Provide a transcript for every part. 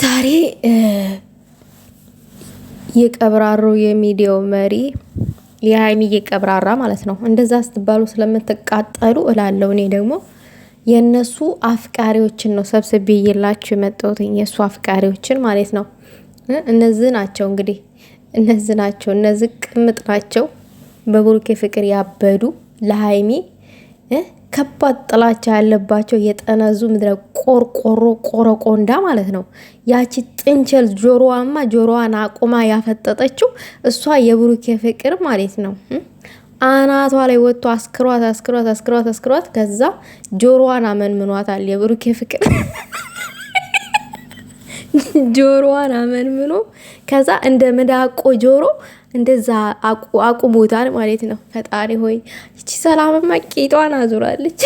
ዛሬ የቀብራሩ የሚዲያው መሪ የሀይሚ እየቀብራራ ማለት ነው። እንደዛ ስትባሉ ስለምትቃጠሉ እላለው እኔ ደግሞ የእነሱ አፍቃሪዎችን ነው ሰብስቤ እየላችሁ የመጣሁት የእሱ አፍቃሪዎችን ማለት ነው። እነዚህ ናቸው እንግዲህ እነዚህ ናቸው፣ እነዚህ ቅምጥ ናቸው። በቡሩኬ ፍቅር ያበዱ ለሀይሚ ከባድ ጥላቻ ያለባቸው የጠነዙ ምድረ ቆርቆሮ ቆረቆንዳ ማለት ነው። ያቺ ጥንቸል ጆሮዋማ ጆሮዋን አቁማ ያፈጠጠችው እሷ የብሩኬ ፍቅር ማለት ነው። አናቷ ላይ ወጥቶ አስክሯት አስክሯት አስክሯት አስክሯት፣ ከዛ ጆሮዋን አመንምኗታል። የብሩኬ ፍቅር ጆሮዋን አመንምኖ ከዛ እንደ ምዳቆ ጆሮ እንደዛ አቁሞታል ማለት ነው። ፈጣሪ ሆይ ይቺ ሰላምማ ቂጧን አዙራለች።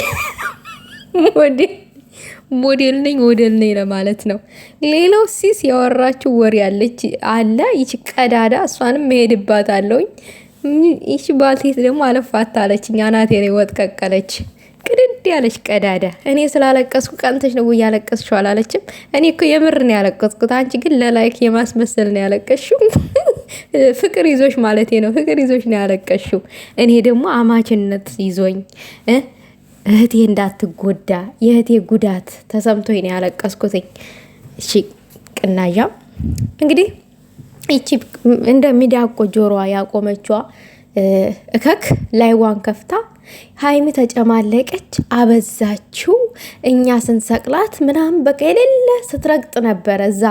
ሞዴል ነኝ ሞዴል ነኝ ለማለት ነው። ሌላው ሲስ ያወራችው ወሬ ያለች አለ ይቺ ቀዳዳ እሷንም መሄድባት አለውኝ። ይቺ ባልቴት ደግሞ አለፋታለች። እኛ ናቴ ወጥቀቀለች። ቅድድ ያለች ቀዳዳ። እኔ ስላለቀስኩ ቀንተሽ ነው እያለቀስሽ አላለችም። እኔ እኮ የምር ነው ያለቀስኩት። አንቺ ግን ለላይክ የማስመሰል ነው ያለቀስሽው። ፍቅር ይዞሽ ማለት ነው፣ ፍቅር ይዞሽ ነው ያለቀስሽው። እኔ ደግሞ አማችነት ይዞኝ እህቴ እንዳትጎዳ የእህቴ ጉዳት ተሰምቶኝ ነው ያለቀስኩትኝ። እሺ ቅናዣ እንግዲህ ይቺ እንደ ሚዳቆ ጆሮዋ ያቆመችዋ እከክ ላይዋን ከፍታ ሀይሚ ተጨማለቀች፣ አበዛችው። እኛ ስንሰቅላት ምናምን በቃ የሌለ ስትረግጥ ነበረ። እዛ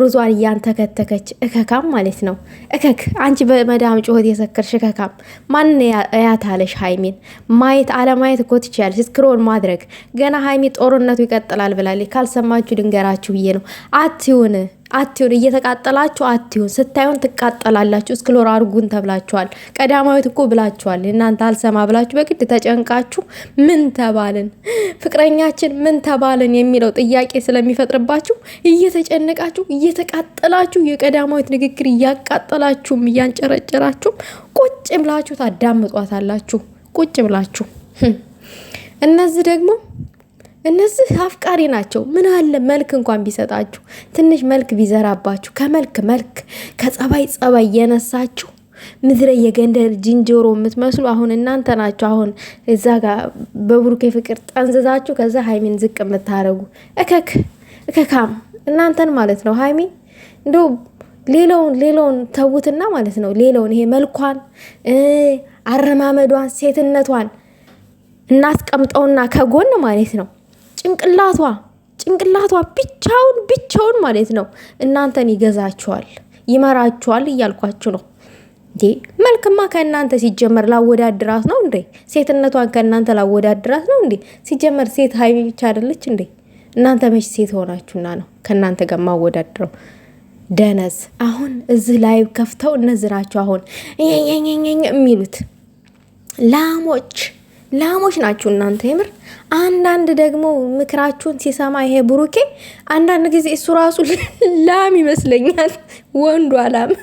ሩዟን እያንተከተከች እከካም ማለት ነው። እከክ አንቺ በመዳም ጩኸት የሰከርሽ እከካም። ማን ያታለሽ ሀይሚን? ማየት አለማየት እኮ ትችያለሽ። እስክሮን ማድረግ ገና ሀይሚ ጦርነቱ ይቀጥላል ብላለች። ካልሰማችሁ ድንገራችሁ ብዬ ነው። አትሁን አትሁን፣ እየተቃጠላችሁ አትሁን። ስታዩን ትቃጠላላችሁ። እስክሎር አርጉን ተብላችኋል። ቀዳማዊት እኮ ብላችኋል። እናንተ አልሰማ ብላችሁ በግድ ተጨንቃችሁ ምን ተባልን፣ ፍቅረኛችን ምን ተባልን የሚለው ጥያቄ ስለሚፈጥርባችሁ እየተጨነቃችሁ እየተቃጠላችሁ የቀዳማዊት ንግግር እያቃጠላችሁም እያንጨረጨራችሁም ቁጭ ብላችሁ ታዳምጧታላችሁ። ቁጭ ብላችሁ እነዚህ ደግሞ እነዚህ አፍቃሪ ናቸው። ምን አለ መልክ እንኳን ቢሰጣችሁ ትንሽ መልክ ቢዘራባችሁ ከመልክ መልክ ከጸባይ ጸባይ የነሳችሁ ምድረ የገንደር ዝንጀሮ የምትመስሉ አሁን እናንተ ናቸው። አሁን እዛ ጋር በብሩኬ ፍቅር ጠንዝዛችሁ ከዛ ሀይሚን ዝቅ የምታደርጉ እከክ እከካም እናንተን ማለት ነው። ሀይሚ እንደው ሌላውን ሌላውን ተዉትና ማለት ነው። ሌላውን ይሄ መልኳን አረማመዷን ሴትነቷን እናስቀምጠውና ከጎን ማለት ነው ጭንቅላቷ ጭንቅላቷ ብቻውን ብቻውን ማለት ነው እናንተን ይገዛችኋል፣ ይመራችኋል እያልኳችሁ ነው። እንዴ መልክማ ከእናንተ ሲጀመር ላወዳድራት ነው እንዴ? ሴትነቷን ከእናንተ ላወዳድራት ነው እንዴ? ሲጀመር ሴት ሀይሚ ብቻ አይደለች እንዴ? እናንተ መች ሴት ሆናችሁና ነው ከእናንተ ጋር ማወዳድረው? ደነዝ አሁን እዚህ ላይ ከፍተው እነዚህ ናቸው አሁን የሚሉት ላሞች ላሞች ናችሁ እናንተ የምር። አንዳንድ ደግሞ ምክራችሁን ሲሰማ ይሄ ብሩኬ አንዳንድ ጊዜ እሱ ራሱ ላም ይመስለኛል። ወንዱ አላም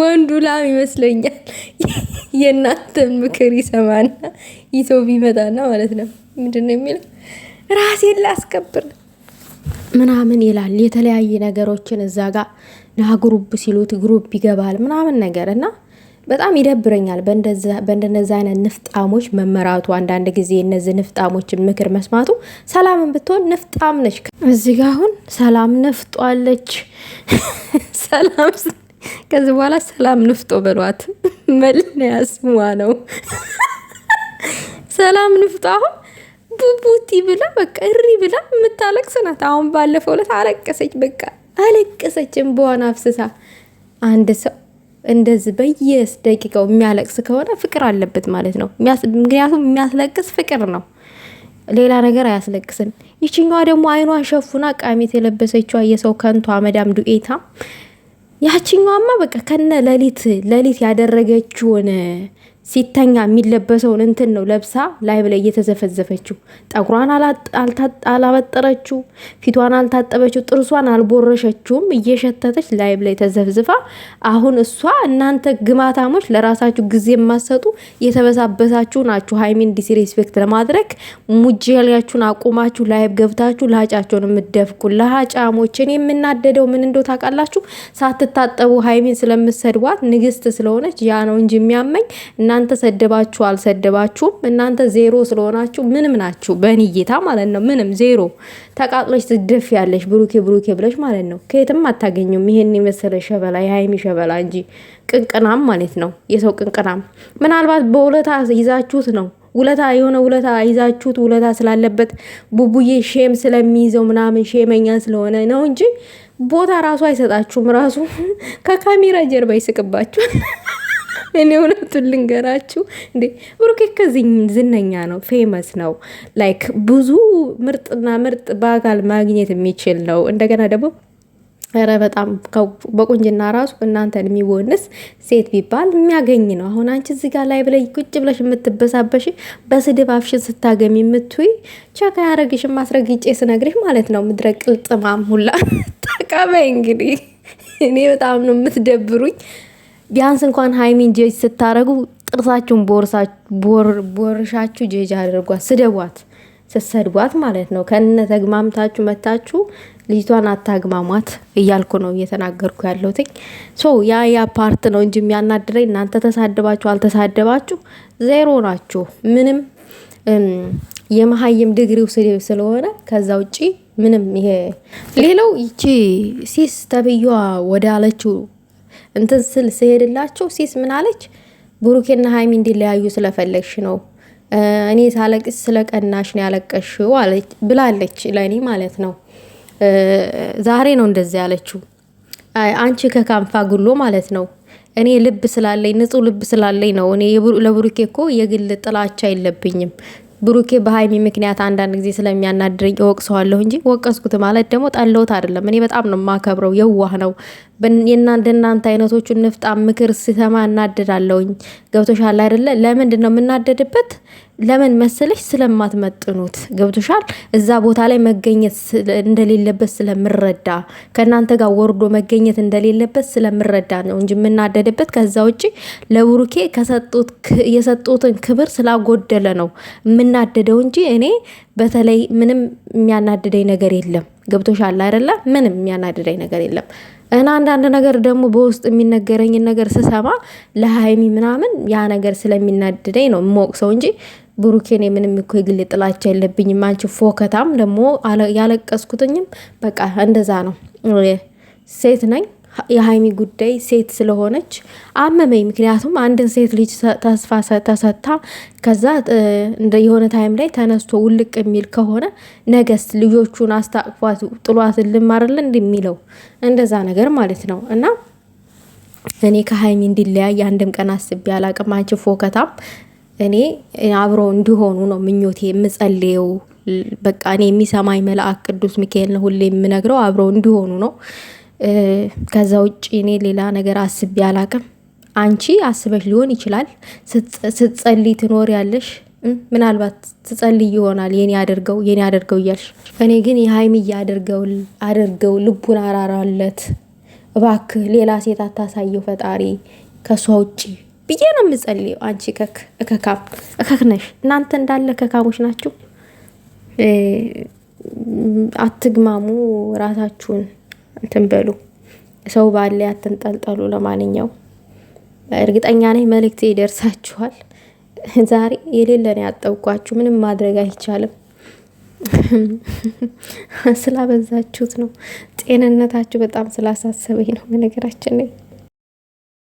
ወንዱ ላም ይመስለኛል። የእናንተን ምክር ይሰማና ይተው ቢመጣና ማለት ነው ምንድን ነው የሚለው ራሴን ላስከብር ምናምን ይላል። የተለያየ ነገሮችን እዛ ጋር ና ግሩፕ ሲሉት ግሩፕ ይገባል ምናምን ነገር እና በጣም ይደብረኛል በእንደነዚ አይነት ንፍጣሞች መመራቱ። አንዳንድ ጊዜ እነዚህ ንፍጣሞችን ምክር መስማቱ ሰላምን ብትሆን ንፍጣም ነች። እዚህ ጋ አሁን ሰላም ነፍጧለች። ሰላም ከዚህ በኋላ ሰላም ንፍጦ በሏት፣ መለያ ስሟ ነው። ሰላም ንፍጦ አሁን ቡቡቲ ብላ በቃ እሪ ብላ የምታለቅስ ናት። አሁን ባለፈው ዕለት አለቀሰች በቃ አለቀሰች፣ እንባዋን አፍስሳ። አንድ ሰው እንደዚህ በየስ ደቂቃው የሚያለቅስ ከሆነ ፍቅር አለበት ማለት ነው። ምክንያቱም የሚያስለቅስ ፍቅር ነው፣ ሌላ ነገር አያስለቅስም። ይችኛዋ ደግሞ አይኗን ሸፉና ቃሚት የለበሰችዋ የሰው ከንቱ አመዳም ዱኤታ፣ ያችኛዋማ በቃ ከነ ለሊት ለሊት ያደረገችውን ሲተኛ የሚለበሰውን እንትን ነው ለብሳ ላይ ብላ እየተዘፈዘፈችው፣ ጠጉሯን አላበጠረችው፣ ፊቷን አልታጠበችው፣ ጥርሷን አልቦረሸችውም። እየሸተተች ላይ ብላ ተዘፍዝፋ፣ አሁን እሷ እናንተ ግማታሞች ለራሳችሁ ጊዜ የማሰጡ የተበሳበሳችሁ ናችሁ። ሀይሚን ዲስሬስፔክት ለማድረግ ሙጀሊያችሁን አቁማችሁ ላይብ ገብታችሁ ለሀጫቸውን የምደፍቁ ለሀጫሞችን የምናደደው ምን እንደው ታውቃላችሁ? ሳትታጠቡ ሀይሚን ስለምሰድቧት ንግስት ስለሆነች ያ ነው እንጂ የሚያመኝ እና እናንተ ሰደባችሁ አልሰደባችሁም እናንተ ዜሮ ስለሆናችሁ ምንም ናችሁ፣ በንይታ እይታ ማለት ነው። ምንም ዜሮ ተቃጥሎች ትደፍ ያለሽ ብሩኬ ብሩኬ ብለሽ ማለት ነው። ከየትም አታገኙም ይሄን የመሰለ ሸበላ፣ የሀይሚ ሸበላ እንጂ ቅንቅናም ማለት ነው። የሰው ቅንቅናም ምናልባት በውለታ ይዛችሁት ነው ውለታ የሆነ ውለታ ይዛችሁት ውለታ ስላለበት ቡቡዬ ሼም ስለሚይዘው ምናምን ሼመኛ ስለሆነ ነው እንጂ ቦታ ራሱ አይሰጣችሁም። ራሱ ከካሜራ ጀርባ ይስቅባችኋል። እኔ እውነቱን ልንገራችሁ እንዴ ብሩኬ ከዚህ ዝነኛ ነው፣ ፌመስ ነው። ላይክ ብዙ ምርጥና ምርጥ በአካል ማግኘት የሚችል ነው። እንደገና ደግሞ ረ በጣም በቁንጅና ራሱ እናንተን የሚወንስ ሴት ቢባል የሚያገኝ ነው። አሁን አንቺ እዚህ ጋር ላይ ብለሽ ቁጭ ብለሽ የምትበሳበሽ በስድብ አፍሽን ስታገሚ የምትይ ቻካ ያረግሽ ማስረግ ይጬ ስነግርሽ ማለት ነው። ምድረ ቅልጥማም ሁላ ተቃበይ እንግዲህ እኔ በጣም ነው የምትደብሩኝ። ቢያንስ እንኳን ሀይሚን ጀጅ ስታረጉ ጥርሳችሁን ቦርሻችሁ ጀጅ አድርጓት፣ ስደቧት፣ ስሰድቧት ማለት ነው። ከነ ተግማምታችሁ መታችሁ ልጅቷን አታግማሟት እያልኩ ነው እየተናገርኩ ያለሁት። ሶ ያ ያ ፓርት ነው እንጂ የሚያናድረኝ እናንተ ተሳደባችሁ አልተሳደባችሁ ዜሮ ናችሁ። ምንም የመሀይም ድግሪው ስድብ ስለሆነ ከዛ ውጭ ምንም ይሄ ሌላው ይቺ ሲስ ተብዬዋ አለችው እንትን ስል ስሄድላቸው ሲስ ምናለች ብሩኬና ሀይሚ እንዲለያዩ ስለፈለግሽ ነው እኔ ሳለቅስ ቀናሽ ነው ያለቀሽው ብላለች። ለእኔ ማለት ነው። ዛሬ ነው እንደዚያ ያለችው። አንቺ ከካንፋ ጉሎ ማለት ነው። እኔ ልብ ስላለኝ ንጹህ ልብ ስላለኝ ነው። እኔ ለብሩኬ እኮ የግል ጥላቻ የለብኝም። ብሩኬ በሀይሚ ምክንያት አንዳንድ ጊዜ ስለሚያናድረኝ እወቅሰዋለሁ እንጂ ወቀስኩት ማለት ደግሞ ጠለውት አይደለም። እኔ በጣም ነው የማከብረው። የዋህ ነው፣ እንደናንተ አይነቶቹ ንፍጣ ምክር ስሰማ እናደዳለውኝ። ገብቶሻል አይደለ? ለምንድን ነው የምናደድበት? ለምን መሰለሽ? ስለማትመጥኑት። ገብቶሻል? እዛ ቦታ ላይ መገኘት እንደሌለበት ስለምረዳ፣ ከእናንተ ጋር ወርዶ መገኘት እንደሌለበት ስለምረዳ ነው እንጂ የምናደድበት። ከዛ ውጭ ለብሩኬ የሰጡትን ክብር ስላጎደለ ነው የምናደደው እንጂ እኔ በተለይ ምንም የሚያናድደኝ ነገር የለም። ገብቶሻል አይደለ? ምንም የሚያናድደኝ ነገር የለም። እና አንዳንድ ነገር ደግሞ በውስጥ የሚነገረኝን ነገር ስሰማ ለሀይሚ ምናምን ያ ነገር ስለሚናድደኝ ነው ሰው እንጂ ብሩኬን ምንም እኮ የግል ጥላቻ የለብኝም። አንቺ ፎከታም ደግሞ ያለቀስኩትኝም በቃ እንደዛ ነው። ሴት ነኝ የሀይሚ ጉዳይ ሴት ስለሆነች አመመኝ። ምክንያቱም አንድን ሴት ልጅ ተስፋ ተሰታ ከዛ የሆነ ታይም ላይ ተነስቶ ውልቅ የሚል ከሆነ ነገስ ልጆቹን አስታቅፏት ጥሏት ልማርልን እንደሚለው እንደዛ ነገር ማለት ነው እና እኔ ከሀይሚ እንዲለያይ አንድም ቀን አስቤ አላቅም። አንቺ ፎከታም እኔ አብረው እንዲሆኑ ነው ምኞቴ የምጸልየው። በቃ እኔ የሚሰማኝ መልአክ ቅዱስ ሚካኤል ነው ሁሌ የምነግረው፣ አብረው እንዲሆኑ ነው። ከዛ ውጭ እኔ ሌላ ነገር አስቤ አላቅም። አንቺ አስበሽ ሊሆን ይችላል። ስትጸልይ ትኖር ያለሽ ምናልባት ትጸልይ ይሆናል የኔ አድርገው የኔ አድርገው እያልሽ። እኔ ግን የሀይሚዬ አድርገው አድርገው ልቡን አራራለት እባክህ ሌላ ሴት አታሳየው ፈጣሪ ከእሷ ውጭ ብዬ ነው የምጸልየው። አንቺ እከክ እከካም እከክ ነሽ። እናንተ እንዳለ እከካሞች ናችሁ። አትግማሙ ራሳችሁን እንትን በሉ ሰው ባለ አትንጠልጠሉ። ለማንኛው እርግጠኛ ነኝ መልእክቴ ይደርሳችኋል። ዛሬ የሌለን ያጠብኳችሁ ምንም ማድረግ አይቻልም። ስላበዛችሁት ነው። ጤንነታችሁ በጣም ስላሳሰበኝ ነው። በነገራችን ላይ